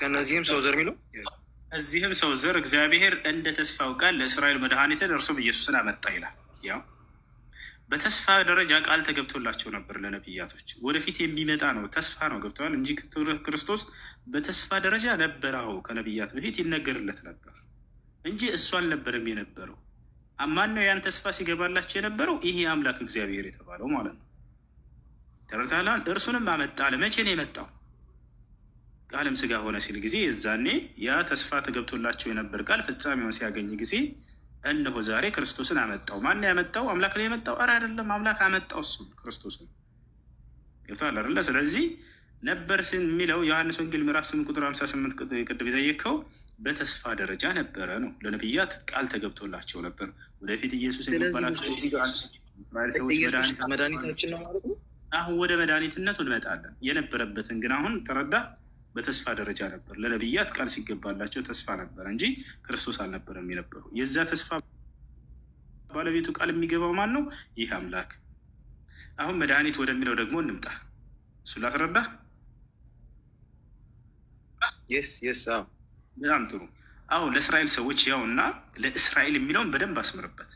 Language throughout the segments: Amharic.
ከነዚህም ሰው ዘር የሚለው እዚህም ሰው ዘር እግዚአብሔር እንደ ተስፋው ቃል ለእስራኤል መድኃኒትን እርሱም ኢየሱስን አመጣ ይላል። ያው በተስፋ ደረጃ ቃል ተገብቶላቸው ነበር ለነብያቶች ወደፊት የሚመጣ ነው ተስፋ ነው ገብተዋል እንጂ ክርስቶስ በተስፋ ደረጃ ነበረው ከነብያት በፊት ይነገርለት ነበር እንጂ እሱ አልነበረም የነበረው። ማነው ያን ተስፋ ሲገባላቸው የነበረው? ይሄ አምላክ እግዚአብሔር የተባለው ማለት ነው። ተረታላን እርሱንም አመጣ ለመቼ ነው የመጣው? ከዓለም ስጋ ሆነ ሲል ጊዜ የዛኔ ያ ተስፋ ተገብቶላቸው የነበር ቃል ፍጻሜውን ሲያገኝ ጊዜ እነሆ ዛሬ ክርስቶስን አመጣው። ማን ያመጣው? አምላክ ላይ ያመጣው? ኧረ አይደለም፣ አምላክ አመጣው እሱ ክርስቶስን። ገብቶሃል አይደለ? ስለዚህ ነበር የሚለው ዮሐንስ ወንጌል ምዕራፍ ስምንት ቁጥር 58 ስምንት ቅድም የጠየቅኸው በተስፋ ደረጃ ነበረ ነው። ለነብያት ቃል ተገብቶላቸው ነበር። ወደፊት ኢየሱስ የሚባላቸው መድኃኒታችን ነው ማለት ነው። አሁን ወደ መድኃኒትነቱ እንመጣለን። የነበረበትን ግን አሁን ተረዳ በተስፋ ደረጃ ነበር። ለነቢያት ቃል ሲገባላቸው ተስፋ ነበር እንጂ ክርስቶስ አልነበረም የነበሩ የዛ ተስፋ ባለቤቱ ቃል የሚገባው ማን ነው? ይህ አምላክ። አሁን መድኃኒት ወደሚለው ደግሞ እንምጣ። እሱ ላስረዳ። በጣም ጥሩ። አሁ ለእስራኤል ሰዎች ያው እና ለእስራኤል የሚለውን በደንብ አስምርበት።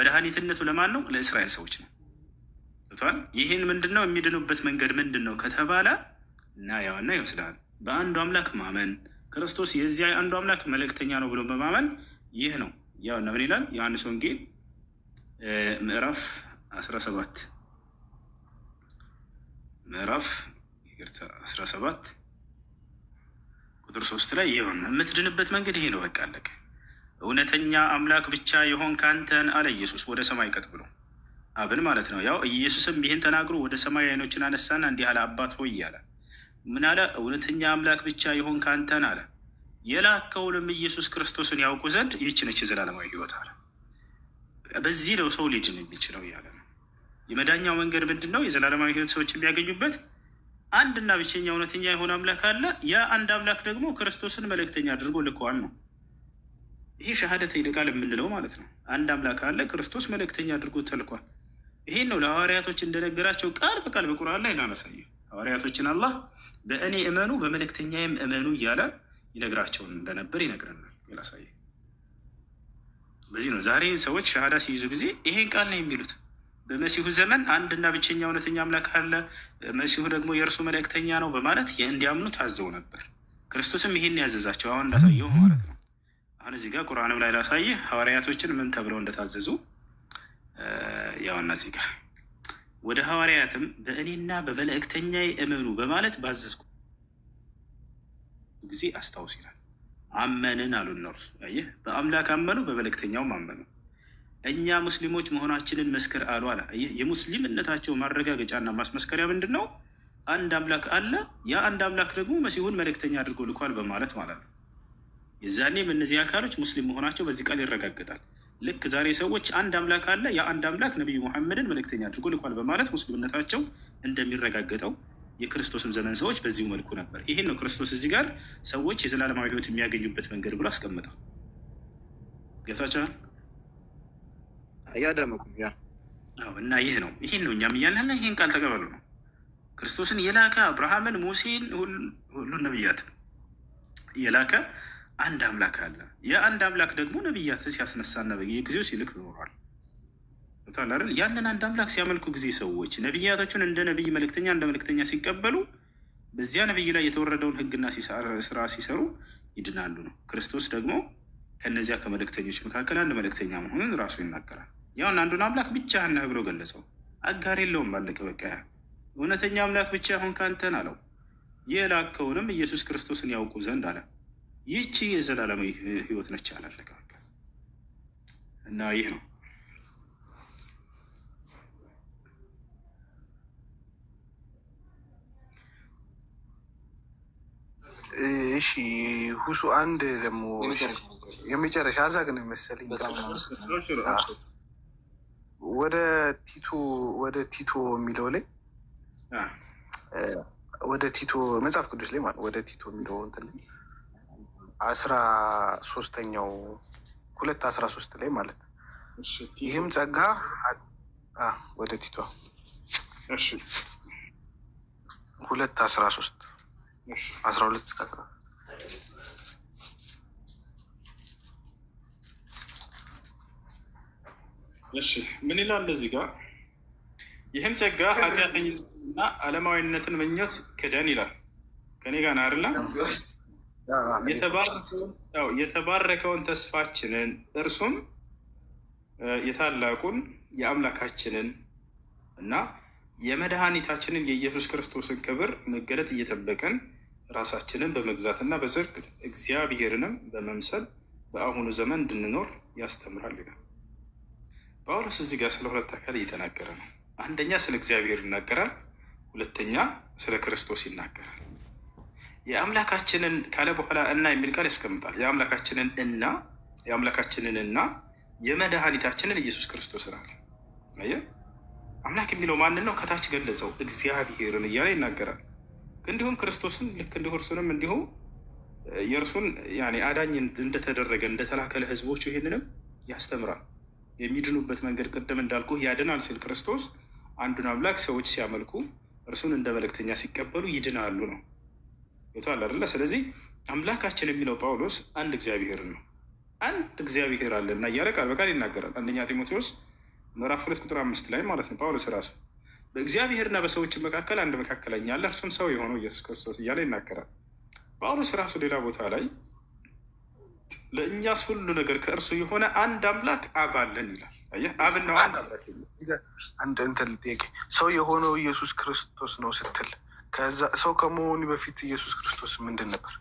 መድኃኒትነቱ ለማን ነው? ለእስራኤል ሰዎች ነው። ይህን ምንድን ነው የሚድኑበት መንገድ ምንድን ነው ከተባለ እና ያዋና ይወስዳል በአንዱ አምላክ ማመን ክርስቶስ የዚያ አንዱ አምላክ መልእክተኛ ነው ብሎ በማመን ይህ ነው ያው ነብን ይላል ዮሐንስ ወንጌል ምዕራፍ 17 ምዕራፍ 17 ቁጥር ሶስት ላይ ይሆን የምትድንበት መንገድ ይሄ ነው። በቃ አለቀ። እውነተኛ አምላክ ብቻ የሆን ካንተን አለ ኢየሱስ ወደ ሰማይ ቀጥ ብሎ አብን ማለት ነው። ያው ኢየሱስም ይህን ተናግሮ ወደ ሰማይ አይኖችን አነሳና እንዲህ አለ አባት ሆይ እያለ ምን አለ? እውነተኛ አምላክ ብቻ ይሆን አንተን አለ የላከውንም ኢየሱስ ክርስቶስን ያውቁ ዘንድ ይህች ነች የዘላለማዊ ህይወት አለ። በዚህ ነው ሰው ሊድን የሚችለው እያለ ነው። የመዳኛው መንገድ ምንድን ነው? የዘላለማዊ ህይወት ሰዎች የሚያገኙበት አንድና ብቸኛ እውነተኛ የሆነ አምላክ አለ። ያ አንድ አምላክ ደግሞ ክርስቶስን መልእክተኛ አድርጎ ልኳን ነው። ይሄ ሸሃደተ ይልቃል የምንለው ማለት ነው። አንድ አምላክ አለ፣ ክርስቶስ መልእክተኛ አድርጎ ተልኳል። ይሄን ነው ለሐዋርያቶች እንደነገራቸው ቃል በቃል በቁርአን ላይ እናነሳየው ሐዋርያቶችን አላህ በእኔ እመኑ በመልእክተኛዬም እመኑ እያለ ይነግራቸውን እንደነበር ይነግረናል። ላሳየ በዚህ ነው ዛሬ ሰዎች ሻሃዳ ሲይዙ ጊዜ ይሄን ቃል ነው የሚሉት። በመሲሁ ዘመን አንድና ብቸኛ እውነተኛ አምላክ አለ፣ መሲሁ ደግሞ የእርሱ መልእክተኛ ነው በማለት እንዲያምኑ ታዘው ነበር። ክርስቶስም ይሄን ያዘዛቸው አሁን እንዳሳየው ማለት ነው። አሁን እዚህ ጋር ቁርአንም ላይ ላሳየ ሐዋርያቶችን ምን ተብለው እንደታዘዙ ያው እነዚህ ጋር ወደ ሐዋርያትም በእኔና በመልእክተኛዬ እመኑ በማለት ባዘዝኩ ጊዜ አስታውስ ይላል። አመንን አሉ እነርሱ። አየህ፣ በአምላክ አመኑ፣ በመልእክተኛውም አመኑ። እኛ ሙስሊሞች መሆናችንን መስክር አሉ አለ። የሙስሊምነታቸው ማረጋገጫና ማስመስከሪያ ምንድን ነው? አንድ አምላክ አለ፣ ያ አንድ አምላክ ደግሞ መሲሁን መልእክተኛ አድርጎ ልኳል በማለት ማለት ነው። የዛኔም እነዚህ አካሎች ሙስሊም መሆናቸው በዚህ ቃል ይረጋገጣል። ልክ ዛሬ ሰዎች አንድ አምላክ አለ፣ ያ አንድ አምላክ ነቢዩ መሐመድን መልእክተኛ አድርጎ ልኳል በማለት ሙስሊምነታቸው እንደሚረጋገጠው የክርስቶስም ዘመን ሰዎች በዚሁ መልኩ ነበር። ይሄን ነው ክርስቶስ እዚህ ጋር ሰዎች የዘላለማዊ ህይወት የሚያገኙበት መንገድ ብሎ አስቀምጠው ገብታችኋል። እያደመኩ እና ይህ ነው ይህን ነው እኛም እያለን ይህን ቃል ተቀበሉ ነው ክርስቶስን የላከ አብርሃምን፣ ሙሴን ሁሉን ነብያት የላከ አንድ አምላክ አለ። የአንድ አምላክ ደግሞ ነቢያትን ሲያስነሳና በየጊዜው ሲልክ ኖሯል። ታላል ያንን አንድ አምላክ ሲያመልኩ ጊዜ ሰዎች ነቢያቶቹን እንደ ነቢይ መልእክተኛ እንደ መልእክተኛ ሲቀበሉ በዚያ ነቢይ ላይ የተወረደውን ሕግና ስራ ሲሰሩ ይድናሉ ነው። ክርስቶስ ደግሞ ከነዚያ ከመልእክተኞች መካከል አንድ መልእክተኛ መሆኑን ራሱ ይናገራል። ያውን አንዱን አምላክ ብቻህን ብሎ ገለጸው። አጋር የለውም። አለቀ በቃ። እውነተኛ አምላክ ብቻ አሁን ካንተን አለው። የላከውንም ኢየሱስ ክርስቶስን ያውቁ ዘንድ አለ። ይቺ የዘላለማዊ ህይወት ነች አላለቀ እና ይህ ነው እሺ ሁሱ አንድ ደግሞ የመጨረሻ አዛ ግን መሰለኝ ወደ ቲቶ ወደ ቲቶ የሚለው ላይ ወደ ቲቶ መጽሐፍ ቅዱስ ላይ ማለት ወደ ቲቶ የሚለው እንትን ላይ አስራ ሶስተኛው ሁለት አስራ ሶስት ላይ ማለት ነው። ይህም ጸጋ ወደ ቲቷ ሁለት አስራ ሶስት አስራ ሁለት እስከ አስራ እሺ ምን ይላል እዚህ ጋር? ይህም ጸጋ ኃጢአተኝነትና ዓለማዊነትን ምኞት ክደን ይላል። ከኔ ጋር ና አይደለ የተባረከውን ተስፋችንን እርሱም የታላቁን የአምላካችንን እና የመድኃኒታችንን የኢየሱስ ክርስቶስን ክብር መገለጥ እየጠበቅን ራሳችንን በመግዛትና በዝርግ እግዚአብሔርንም በመምሰል በአሁኑ ዘመን እንድንኖር ያስተምራል ይላል ጳውሎስ። እዚህ ጋር ስለ ሁለት አካል እየተናገረ ነው። አንደኛ ስለ እግዚአብሔር ይናገራል፣ ሁለተኛ ስለ ክርስቶስ ይናገራል። የአምላካችንን ካለ በኋላ እና የሚል ቃል ያስቀምጣል። የአምላካችንን እና የአምላካችንን እና የመድኃኒታችንን ኢየሱስ ክርስቶስ አለ። አየ አምላክ የሚለው ማን ነው? ከታች ገለጸው እግዚአብሔርን እያለ ይናገራል። እንዲሁም ክርስቶስን ልክ እንዲሁ እርሱንም እንዲሁ የእርሱን አዳኝ እንደተደረገ እንደተላከለ ህዝቦቹ ይህንንም ያስተምራል። የሚድኑበት መንገድ ቅድም እንዳልኩ ያድናል ሲል ክርስቶስ አንዱን አምላክ ሰዎች ሲያመልኩ እርሱን እንደ መልእክተኛ ሲቀበሉ ይድናሉ ነው። አለ አይደለ? ስለዚህ አምላካችን የሚለው ጳውሎስ አንድ እግዚአብሔር ነው። አንድ እግዚአብሔር አለ እና እያለ ቃል በቃል ይናገራል። አንደኛ ጢሞቴዎስ ምዕራፍ ሁለት ቁጥር አምስት ላይ ማለት ነው። ጳውሎስ ራሱ በእግዚአብሔርና በሰዎች መካከል አንድ መካከለኛ አለ፣ እርሱም ሰው የሆነው ኢየሱስ ክርስቶስ እያለ ይናገራል። ጳውሎስ ራሱ ሌላ ቦታ ላይ ለእኛስ ሁሉ ነገር ከእርሱ የሆነ አንድ አምላክ አብ አለን ይላል። አብና አንድ አምላክ ሰው የሆነው ኢየሱስ ክርስቶስ ነው ስትል ከዛ ሰው ከመሆኑ በፊት ኢየሱስ ክርስቶስ ምንድን ነበር?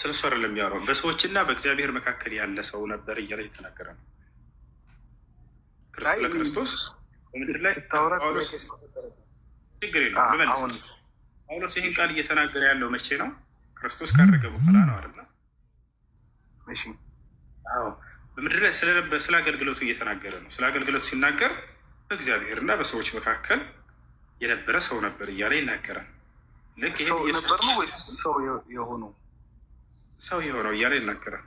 ስለ እሱ አይደለም ያወራው፣ በሰዎችና በእግዚአብሔር መካከል ያለ ሰው ነበር እያለ እየተናገረ ነው። ክርስቶስ ችግር የለውም። ጳውሎስ ይህን ቃል እየተናገረ ያለው መቼ ነው? ክርስቶስ ካረገ በኋላ ነው አይደለ? በምድር ላይ ስለ አገልግሎቱ እየተናገረ ነው። ስለ አገልግሎቱ ሲናገር በእግዚአብሔርና በሰዎች መካከል የነበረ ሰው ነበር እያለ ይናገራል። ልክ ነበር ነው ሰው የሆነው ሰው የሆነው እያለ ይናገራል።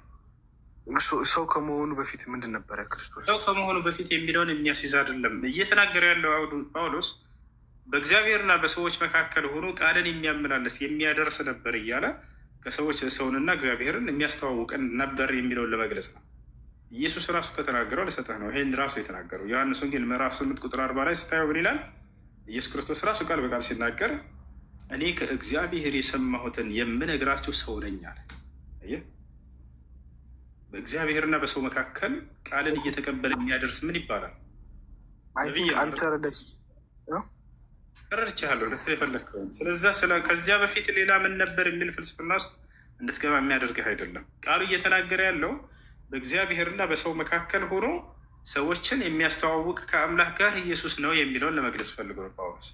ሰው ከመሆኑ በፊት ምንድን ነበረ? ክርስቶስ ሰው ከመሆኑ በፊት የሚለውን የሚያስይዝ አይደለም እየተናገረ ያለው ጳውሎስ። በእግዚአብሔርና በሰዎች መካከል ሆኖ ቃልን የሚያመላለስ የሚያደርስ ነበር እያለ ከሰዎች ሰውንና እግዚአብሔርን የሚያስተዋውቀን ነበር የሚለውን ለመግለጽ ነው። ኢየሱስ ራሱ ከተናገረው ልሰጠህ ነው። ይህን ራሱ የተናገረው ዮሐንስ ወንጌል ምዕራፍ ስምንት ቁጥር አርባ ላይ ስታየው ምን ይላል? ኢየሱስ ክርስቶስ ራሱ ቃል በቃል ሲናገር እኔ ከእግዚአብሔር የሰማሁትን የምነግራችሁ ሰው ነኝ አለ። በእግዚአብሔርና በሰው መካከል ቃልን እየተቀበለ የሚያደርስ ምን ይባላል? ተረድቻለሁ ስለዛ ከዚያ በፊት ሌላ ምን ነበር የሚል ፍልስፍና ውስጥ እንድትገባ የሚያደርግህ አይደለም። ቃሉ እየተናገረ ያለው በእግዚአብሔርና በሰው መካከል ሆኖ ሰዎችን የሚያስተዋውቅ ከአምላክ ጋር ኢየሱስ ነው የሚለውን ለመግለጽ ፈልጎ ነው ጳውሎስ።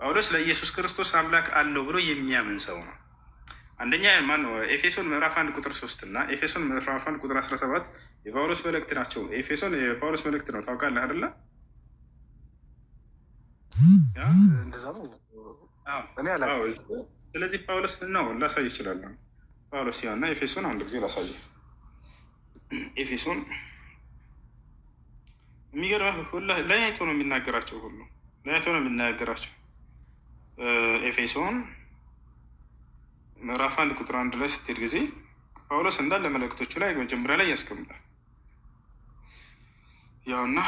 ጳውሎስ ለኢየሱስ ክርስቶስ አምላክ አለው ብሎ የሚያምን ሰው ነው። አንደኛ ማነው? ኤፌሶን ምዕራፍ አንድ ቁጥር ሶስት እና ኤፌሶን ምዕራፍ አንድ ቁጥር አስራ ሰባት የጳውሎስ መልእክት ናቸው። ኤፌሶን የጳውሎስ መልእክት ነው። ታውቃለህ አይደለ? ስለዚህ ጳውሎስ ነው ላሳይ ይችላለሁ። ጳውሎስ ያና ኤፌሶን አንድ ጊዜ ላሳይ ኤፌሶን የሚገርምህ ለያይቶ ነው የሚናገራቸው ሁሉ ለያይቶ ነው የሚናገራቸው። ኤፌሶን ምዕራፍ አንድ ቁጥር አንድ ላይ ስትሄድ ጊዜ ጳውሎስ እንዳለ መልእክቶቹ ላይ መጀመሪያ ላይ ያስቀምጣል። ያውና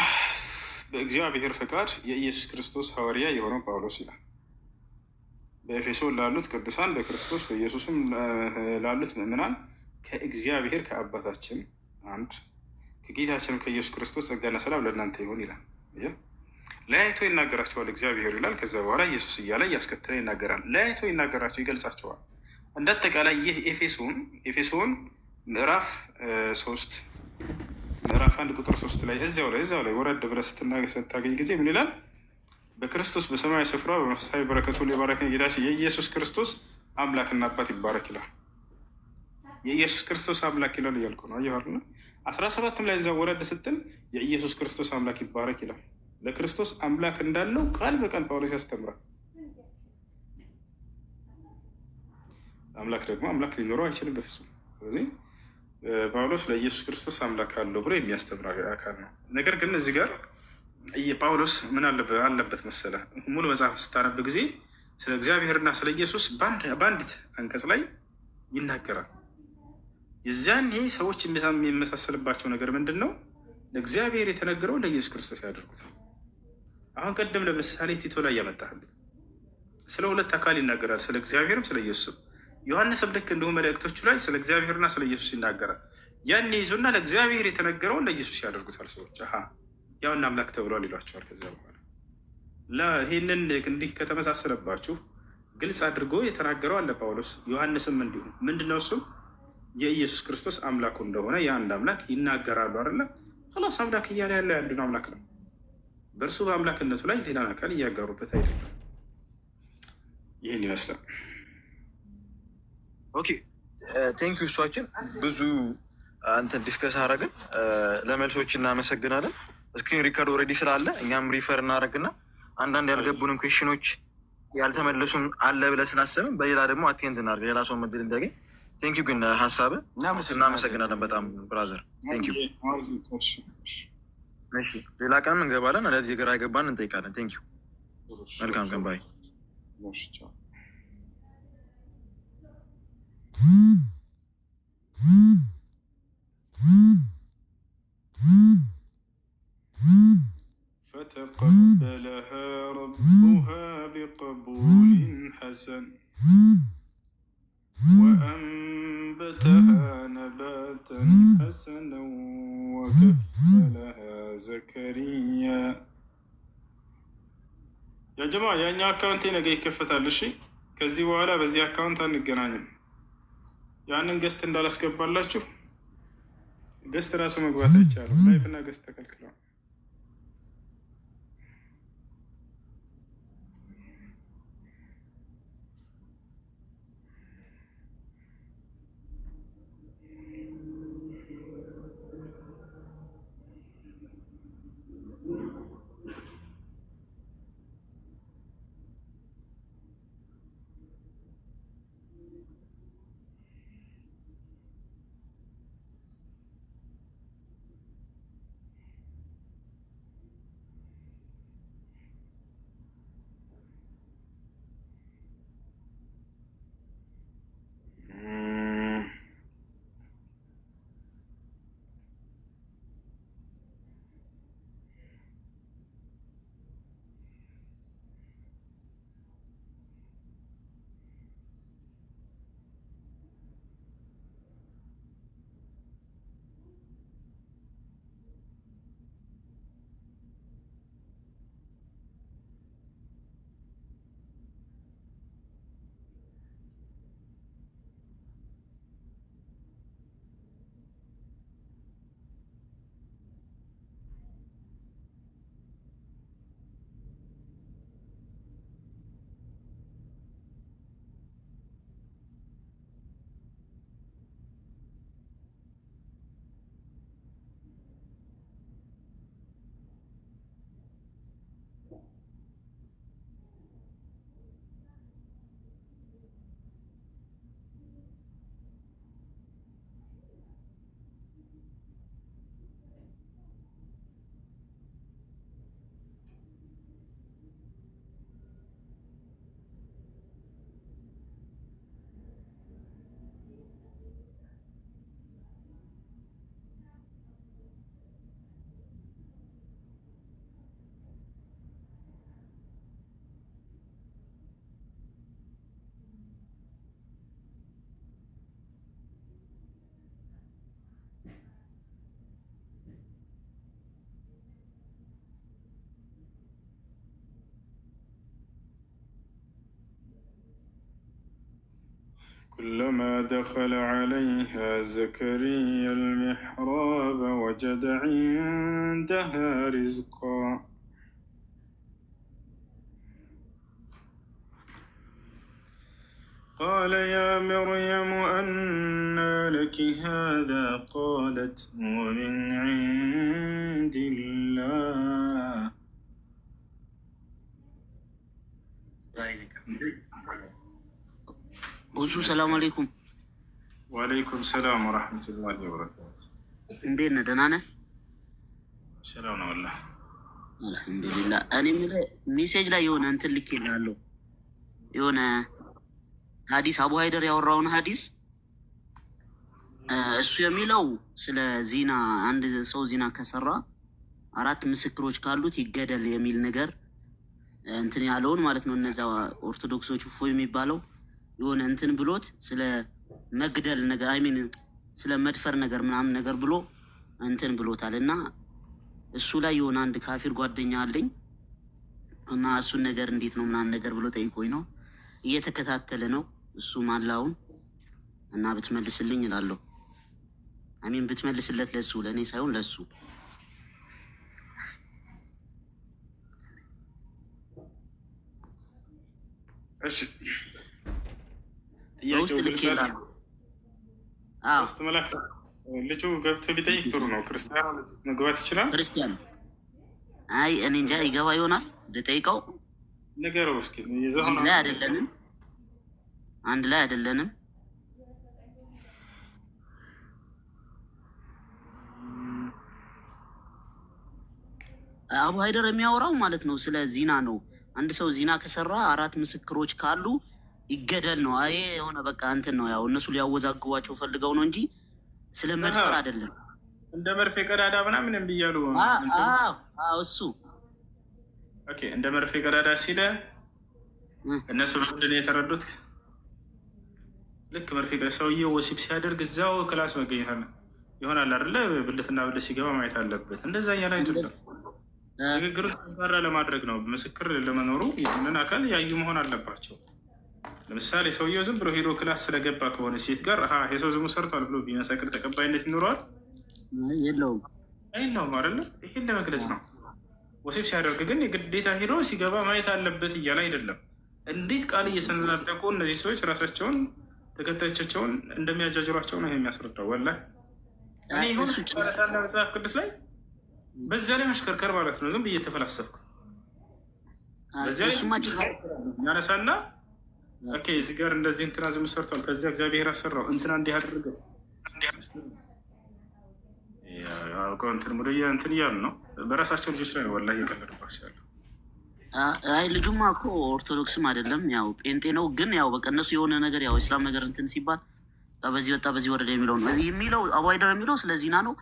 በእግዚአብሔር ፈቃድ የኢየሱስ ክርስቶስ ሐዋርያ የሆነው ጳውሎስ ይላል። በኤፌሶን ላሉት ቅዱሳን በክርስቶስ በኢየሱስም ላሉት ምእምናን ከእግዚአብሔር ከአባታችን አንድ የጌታችን ከኢየሱስ ክርስቶስ ጸጋና ሰላም ለእናንተ ይሆን ይላል። ለያይቶ ይናገራቸዋል እግዚአብሔር ይላል። ከዛ በኋላ ኢየሱስ እያለ እያስከተለ ይናገራል። ለያይቶ ይናገራቸው ይገልጻቸዋል። እንደ አጠቃላይ ይህ ኤፌሶን ኤፌሶን ምዕራፍ ሶስት ምዕራፍ አንድ ቁጥር ሶስት ላይ እዚያው ላይ እዚያው ላይ ወረድ ብለህ ስታገኝ ጊዜ ምን ይላል? በክርስቶስ በሰማያዊ ስፍራ በመንፈሳዊ በረከቱ የባረከን ጌታችን የኢየሱስ ክርስቶስ አምላክና አባት ይባረክ ይላል። የኢየሱስ ክርስቶስ አምላክ ይላል እያልኩ ነው። አየኋልና አስራ ሰባትም ላይ እዛ ወረድ ስትል የኢየሱስ ክርስቶስ አምላክ ይባረክ ይላል። ለክርስቶስ አምላክ እንዳለው ቃል በቃል ጳውሎስ ያስተምራል። አምላክ ደግሞ አምላክ ሊኖረው አይችልም በፍጹም። ስለዚህ ጳውሎስ ለኢየሱስ ክርስቶስ አምላክ አለው ብሎ የሚያስተምር አካል ነው። ነገር ግን እዚህ ጋር ጳውሎስ ምን አለበት መሰለ፣ ሙሉ መጽሐፍ ስታነብ ጊዜ ስለ እግዚአብሔርና ስለ ኢየሱስ በአንዲት አንቀጽ ላይ ይናገራል። የዚያኔ ሰዎች የሚመሳሰልባቸው ነገር ምንድን ነው? ለእግዚአብሔር የተነገረው ለኢየሱስ ክርስቶስ ያደርጉታል። አሁን ቀደም ለምሳሌ ቲቶ ላይ ያመጣህልኝ ስለ ሁለት አካል ይናገራል፣ ስለ እግዚአብሔርም ስለ ኢየሱስም። ዮሐንስም ልክ እንዲሁ መልእክቶቹ ላይ ስለ እግዚአብሔርና ስለ ኢየሱስ ይናገራል። ያን ይዞና ለእግዚአብሔር የተነገረውን ለኢየሱስ ያደርጉታል ሰዎች። አሀ ያውና አምላክ ተብሏል ይሏቸዋል። ከዚያ በኋላ ይህንን እንዲህ ከተመሳሰለባችሁ ግልጽ አድርጎ የተናገረው አለ ጳውሎስ። ዮሐንስም እንዲሁ ምንድነው እሱም የኢየሱስ ክርስቶስ አምላኩ እንደሆነ የአንድ አምላክ ይናገራሉ አይደለ? ላስ አምላክ እያለ ያለ የአንዱን አምላክ ነው። በእርሱ በአምላክነቱ ላይ ሌላን አካል እያጋሩበት አይደለም። ይህን ይመስላል። ኦኬ ቴንክ ዩ። እሷችን ብዙ አንተን ዲስከስ አረግን። ለመልሶች እናመሰግናለን። ስክሪን ሪከርድ ኦልሬዲ ስላለ እኛም ሪፈር እናደረግና አንዳንድ ያልገቡንም ኩዌሽኖች ያልተመለሱም አለ ብለህ ስላሰብን በሌላ ደግሞ አቴንድ እናደርግ ሌላ ሰው ምድል እንዲያገኝ ቴንኪዩ ግን uh, ሀሳብ እናመሰግናለን በጣም ብራዘር። ሌላ ቀንም እንገባለን። ለዚህ ግራ የገባን እንጠይቃለን። ቴንኪዩ መልካም ቀን ባይ فتقبلها ربها بقبول حسن وأنبتها نباتا حسنا وكفلها زكريا يا جماعة يا يعني أكاونتي ነገ ይከፈታል። እሺ ከዚህ በኋላ በዚህ አካውንት አንገናኝም። ያንን ገስት እንዳላስገባላችሁ ገስት ራሱ መግባት አይቻልም። ላይፍ ገስት ተከልክለዋል። كلما دخل عليها زكريا المحراب وجد عندها رزقا قال يا مريم أنى لك هذا قالت هو من عند الله ሁሱ ሰላም አለይኩም። ወአለይኩም ሰላም ወራህመቱላሂ ወበረካቱ። እንዴት ነህ? ደህና ነህ? ሰላም ነው አለ አልሐምዱሊላ። እኔ የምልህ ሜሴጅ ላይ የሆነ እንትን ይላለሁ የሆነ ሀዲስ አቡ ሀይደር ያወራውን ሀዲስ እሱ የሚለው ስለ ዚና አንድ ሰው ዚና ከሰራ አራት ምስክሮች ካሉት ይገደል የሚል ነገር እንትን ያለውን ማለት ነው። እነዚያ ኦርቶዶክሶች ፎ የሚባለው የሆነ እንትን ብሎት ስለ መግደል ነገር አይሚን ስለ መድፈር ነገር ምናምን ነገር ብሎ እንትን ብሎታል እና እሱ ላይ የሆነ አንድ ካፊር ጓደኛ አለኝ እና እሱን ነገር እንዴት ነው ምናምን ነገር ብሎ ጠይቆኝ ነው እየተከታተለ ነው እሱ ማላውን እና ብትመልስልኝ እላለሁ። አሚን ብትመልስለት ለሱ ለእኔ ሳይሆን ለሱ እሺ በውስጥ መላክ ልጁ ገብቶ ቢጠይቅ ጥሩ ነው። ክርስቲያኑ መግባት ይችላል። ክርስቲያኑ አይ እኔ እንጃ ይገባ ይሆናል። ልጠይቀው ንገረው እስኪ። አንድ ላይ አይደለንም፣ አንድ ላይ አይደለንም። አቡ ሀይደር የሚያወራው ማለት ነው ስለ ዚና ነው። አንድ ሰው ዚና ከሰራ አራት ምስክሮች ካሉ ይገደል ነው። አይ የሆነ በቃ እንትን ነው ያው እነሱ ሊያወዛግቧቸው ፈልገው ነው እንጂ ስለ መድፈር አይደለም። እንደ መርፌ ቀዳዳ ምናምን ብያሉ እሱ እንደ መርፌ ቀዳዳ ሲለ እነሱ ምንድን የተረዱት ልክ መርፌ ሰውዬው ወሲብ ሲያደርግ እዛው ክላስ መገኘት ይሆናል አይደለ? ብልትና ብልት ሲገባ ማየት አለበት። እንደዛ እያለ አይደለም። ንግግር ለማድረግ ነው። ምስክር ለመኖሩ ይህንን አካል ያዩ መሆን አለባቸው። ለምሳሌ ሰውየው ዝም ብሎ ሄዶ ክላስ ስለገባ ከሆነ ሴት ጋር የሰው ዝሙት ሰርቷል ብሎ ቢመሰክር ተቀባይነት ይኖረዋል የለውም? አይነውም አይደለ? ይሄን ለመግለጽ ነው። ወሲብ ሲያደርግ ግን የግዴታ ሄዶ ሲገባ ማየት አለበት እያለ አይደለም። እንዴት ቃል እየሰነጣጠቁ እነዚህ ሰዎች ራሳቸውን ተከታዮቻቸውን እንደሚያጃጅሯቸው ነው የሚያስረዳው። ወላ መጽሐፍ ቅዱስ ላይ በዛ ላይ መሽከርከር ማለት ነው። ዝም ብዬ ተፈላሰብኩ በዚያ ላይ ያነሳና ኦኬ እዚህ ጋር እንደዚህ እንትና ዝም ሰርቷል። ከዚያ እግዚአብሔር አሰራው እንትና እንዲህ አድርገው እንትን ሙድያ እንትን እያሉ ነው። በራሳቸው ልጆች ላይ ነው ወላሂ ያለ አይ ልጁማ እኮ ኦርቶዶክስም አይደለም ያው ጴንጤ ነው። ግን ያው በቃ እነሱ የሆነ ነገር ያው እስላም ነገር እንትን ሲባል በዚህ ወጣ በዚህ ወረደ የሚለው ነው የሚለው አዋይደር የሚለው ስለዚህ ነው።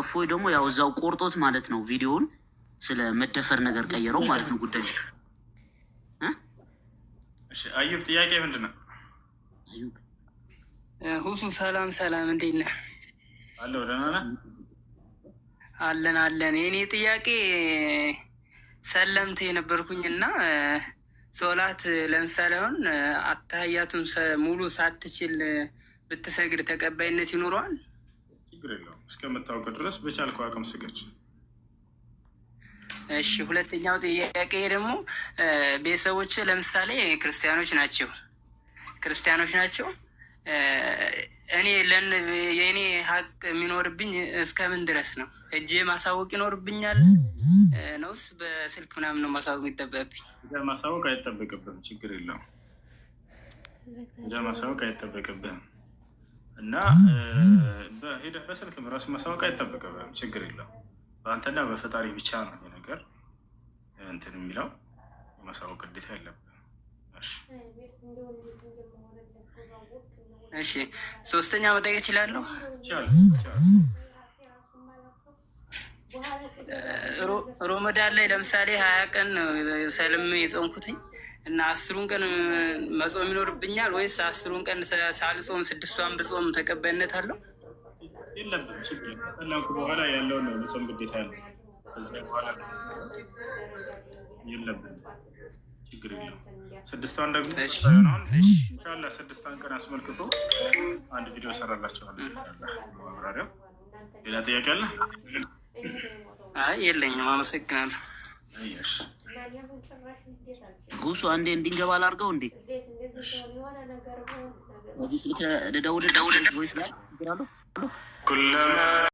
እፎይ ደግሞ ያው እዛው ቆርጦት ማለት ነው ቪዲዮውን ስለ መደፈር ነገር ቀየረው ማለት ነው ጉዳይ አዩብ ጥያቄ ምንድን ነው? ሁሱ ሰላም ሰላም፣ እንዴት ነህ? አለሁ ደህና ነህ? አለን አለን። የእኔ ጥያቄ ሰለምት የነበርኩኝ እና ሶላት ለምሳሌ አሁን አታህያቱን ሙሉ ሳትችል ብትሰግድ ተቀባይነት ይኖረዋል? ችግር የለውም። እስከምታውቅ ድረስ በቻልከው አቅም ስገድ። እሺ ሁለተኛው ጥያቄ ደግሞ ቤተሰቦች ለምሳሌ ክርስቲያኖች ናቸው ክርስቲያኖች ናቸው። እኔ ለን የእኔ ሀቅ የሚኖርብኝ እስከምን ድረስ ነው? እጅ ማሳወቅ ይኖርብኛል ነውስ በስልክ ምናምን ነው ማሳወቅ ይጠበቅብኝ? ማሳወቅ አይጠበቅብም ችግር የለው እዛ ማሳወቅ አይጠበቅብህም እና ሄደህ በስልክም ራሱ ማሳወቅ አይጠበቅብህም፣ ችግር የለው በአንተና በፈጣሪ ብቻ ነው ነገር እንትን የሚለው የማሳወቅ ግዴታ ያለብን። እሺ ሶስተኛ መጠየቅ ይችላሉ። ሮመዳን ላይ ለምሳሌ ሀያ ቀን ሰልም የጾምኩትኝ እና አስሩን ቀን መጾም ይኖርብኛል ወይስ አስሩን ቀን ሳልጾም ስድስቷን ብጾም ተቀባይነት አለው? ችግር የለብም። በኋላ ያለውን መጾም ግዴታ ያለው ከዚያ በኋላ የለብንም፣ ችግር የለም። ስድስቷን ደግሞ ኢንሻላ ስድስቷን ቀን አስመልክቶ አንድ ቪዲዮ ሰራላቸዋል። ማብራሪያው ሌላ ጥያቄ አለ? አይ የለኝም። አመሰግናለሁ። ጉሱ አንዴ እንዲንገባ አላርገው እንዴ በዚህ ስልክ ደውል ደውል ወይስ ላይ